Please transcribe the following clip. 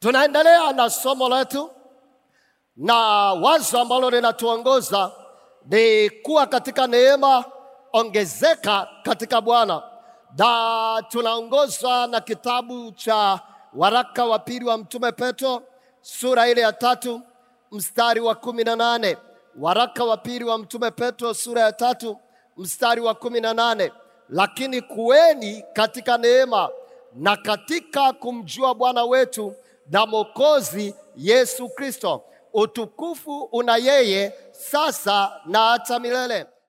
Tunaendelea na somo letu na wazo ambalo linatuongoza ni kuwa katika neema, ongezeka katika Bwana, na tunaongozwa na kitabu cha waraka wa pili wa Mtume Petro sura ile ya tatu mstari wa kumi na nane. Waraka wa pili wa Mtume Petro sura ya tatu mstari wa kumi na nane, lakini kuweni katika neema na katika kumjua Bwana wetu na Mwokozi Yesu Kristo. Utukufu una yeye sasa na hata milele.